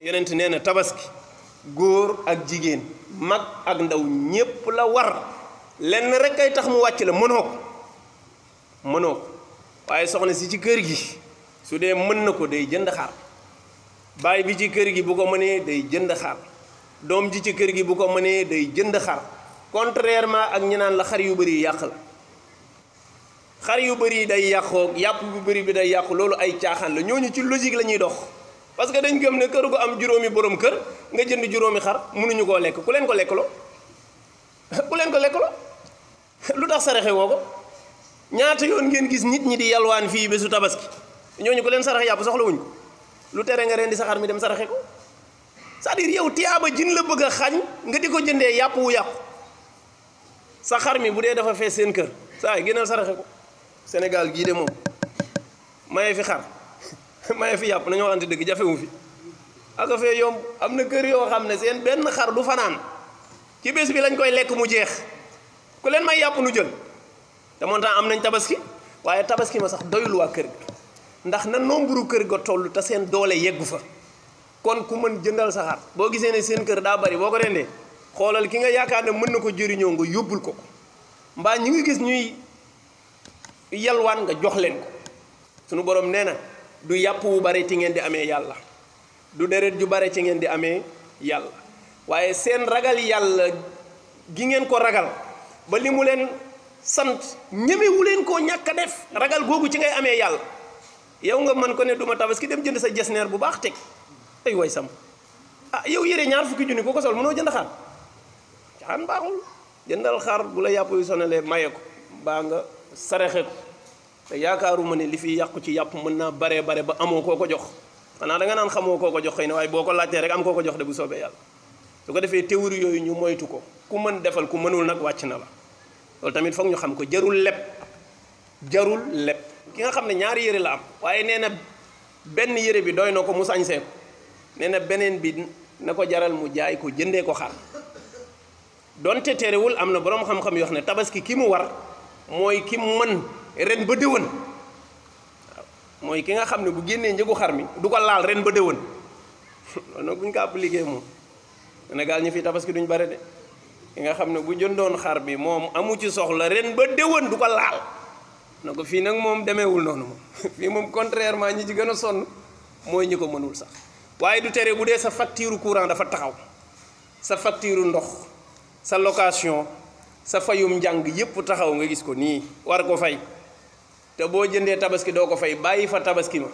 yonent nee na tabaski góor ak jigéen mag ak ndaw ñépp la war lenn rek ay tax mu wàcc la mënoo ko waaye soxna si ci kër gi su dee mën na ko day jënd xar bi ci kër gi bu ko mënee day jënd doom ji ci kër gi bu ko mënee day jënd xar contrairement ak ñi la xar yu bari yàq la xar yu bëri day yàqoo yàpp bu bëri bi day yàqu loolu ay caaxaan la ñooñu ci logique la ñuy dox parce que dañ gëm ne kër gu am juróomi borom kër nga jënd juróomi xar mënuñu koo lekk ku leen ko lekkaloo ku leen ko lekkaloo lu tax saraxe woo ko ñaata yoon ngeen gis nit ñi di yalwaan fii bésu tabaski ñooñu ko leen saraxe yàpp soxlawuñ ko lu tere nga reen di sa saxaar mi dem saraxe ko c'est-à-dire yow tiyaaba jën la bëgg a xañ nga di ko jëndee yàpp wu yàqu sa xar mi bu dee dafa fees seen kër saa yi génnal saraxe ko Sénégal gii de moom maye fi xar may fi yap nañu waxante deug jafewu fi aka fee yom amna keur yo xamne xam ne seen xar du fanan ci bes bi lañ koy lek mu jeex ku len may yap nu jël te montant am nañ tabaski waye tabaski ma sax doyul wa keur ndax na nombreu keur go tollu ta seen doole yeggu fa kon ku meun jëndal sa xar bo gisee ne seen keur da bari boko rendé xolal ki nga yakane meun nako na ko nga yobul ko mba ñi ngi gis ñuy yalwaan nga jox len ko sunu borom neena du yàpp wu bare ci ngeen di amee yàlla du deret ju bare ci ngeen di amee yàlla waaye seen ragal yàlla gi ngeen ko ragal ba li mu leen sant wu leen koo ñàkk def ragal googu ci ngay amee yàlla yow nga man ko ne duma tabaski dem jënd sa jesneer bu baax teg ay way sam ah yow yére ñaar fukki junni ko ko sol mënoo jënd xaar xaan baaxul jëndal xaar bu la yàpp yu sonalee maye ko nga te yaakaaruma ne li fi yàqu ci yàpp mën naa baree bare ba amoo koo ko jox xanaa da nga naan xamoo koo ko jox xëy na waaye boo ko laajtee rek am koo ko jox de bu soobee yàlla su ko defee théorie yooyu ñu moytu ko ku mën defal ku mënul nag wàcc na la loolu tamit foog ñu xam ko jarul leb jarul leb ki nga xam ne ñaari yére la am waaye nee na benn yére bi doy na ko mu sañsee ko nee na beneen bi na ko jaral mu jaay ko jëndee ko xar donte terewul am na boroom xam yoo xam ne tabaski ki mu war mooy ki mën ren ba deewon moy ki nga xam bu génnee njëgu xar mi du ko laal ren ba déwén loolu nag bu ñu ko appliqué moom Sénégal ñu fi tabaski duñ bare de ki mom, xam bu jëndoon xar bi amu ci soxla ren ba deewon du ko laal nako fi nak mom demewul nonu mom fi mom contrairement ñi ci gëna son moy ñi ko mënul sax waye du tere bu dé sa facture courant dafa taxaw sa facture ndox sa location sa fayum jang yep taxaw nga gis ko ni war ko fay te boo jëndee tabaski doo ko fay bàyyi fa tabaski ma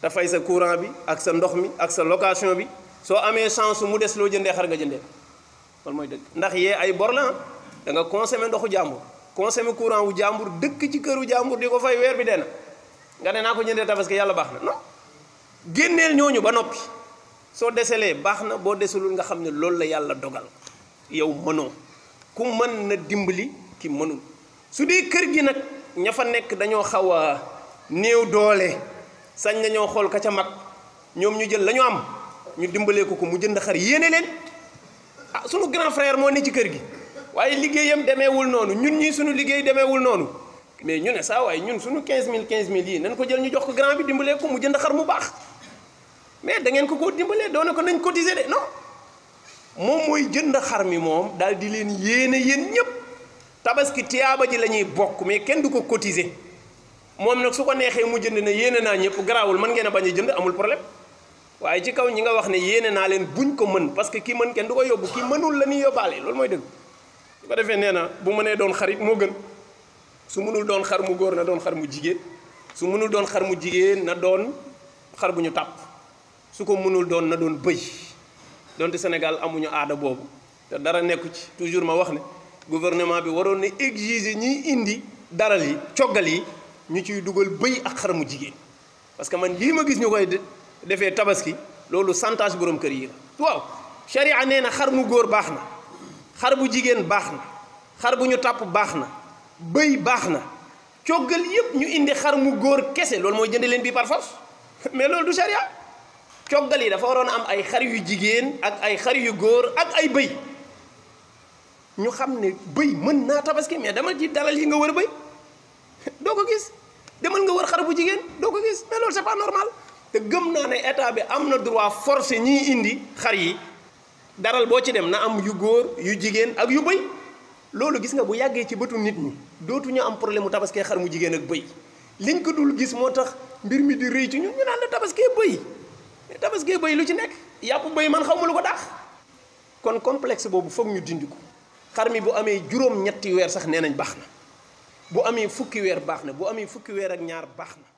te fay sa courant bi ak sa ndox mi ak sa location bi soo amee chance mu des loo jëndee xar nga jëndee loolu mooy dëgg ndax yee ay bor la ah. da nga consommer ndoxu jàmbur consommer courant wu jàmbur dëkk ci këru jàmbur di ko fay weer bi dee na nga ne naa ko jëndee tabaski yàlla baax na non génneel ñooñu ba noppi soo deselee baax na boo deselul nga xam ne loolu la yàlla dogal yow mënoo ku mën na dimbali ki ña fa nekk dañoo xaw a néew doole sañ nañoo xool ka ca mag ñoom ñu jël la ñu am ñu dimbalee ko ko mu jënd xar yéene leen ah sunu grand frère moo ne ci kër gi waaye liggéeyam demeewul noonu ñun ñii suñu liggéey demeewul noonu mais ñu ne saa waaye ñun suñu mille 15000 15000 yi nañ ko jël ñu jox ko grand bi dimbalee ko mu jënd xar mu baax mais da ngeen ko koo dimbalee doona ko nañ cotiser de non moom mooy jënd xar mi moom daal di leen yéene yéen ñëpp. tabaski tiyaaba ji la ñuy bokk mais kenn du ko cotiser moom nag su ko neexee mu jënd ne yéene naa ñëpp garaawul mën ngeen a bañ jënd amul problème waaye ci kaw ñi nga wax ne yéene naa leen buñ ko mën parce que ki mën kenn du ko yóbbu ki mënul la ñuy yóbbaale loolu mooy dëgg su ko nee na bu mënee doon xarit moo gën su mënul doon xar mu góor na doon xar mu jigéen su mënul doon xar mu jigéen na doon xar bu ñu tàpp su ko mënul doon na doon bëy donte Sénégal amuñu aada boobu te dara nekku ci toujours ma wax ne gouvernement bi waroon na exiger ñiy indi daral yi coggal yi ñu ciy dugal bëy ak xar mu jigéen parce que man lii ma gis ñu koy defee tabaski loolu santage borom kër yi waaw sharia nee na xar mu góor baax na xar bu jigéen baax na xar bu ñu tàpp baax na bëy baax na coggal yépp ñu indi xar mu góor kese loolu mooy jënd leen bi par force mais loolu du sharia coggal yi dafa waroon am ay xar yu jigéen ak ay xar yu góor ak ay bëy. ñu xamne ne mën na tabaski mais dama ci dalal yi nga wër bëy do ko gis demal nga wër xar bu ko gis mais c'est pas normal te gëm na né état bi amna droit forcer ñi indi xar yi daral bo ci dem na am yu yujigen yu jigen ak yu bëy loolu gis nga bu yagge ci bëtu nit ñi ñu am problème tabaski xar mu jigen ak bëy liñ ko dul gis motax mbir mi di rëy ci ñun ñu naan la tabaskee bëy tabaski bëy lu ci nek yap bëy man xaw lu ko tax kon complexe bobu fokk ñu dindiku xar mi bu amee juróom-ñetti weer sax nee nañ baax na bu amee fukki weer baax na bu amee fukki weer ak ñaar baax na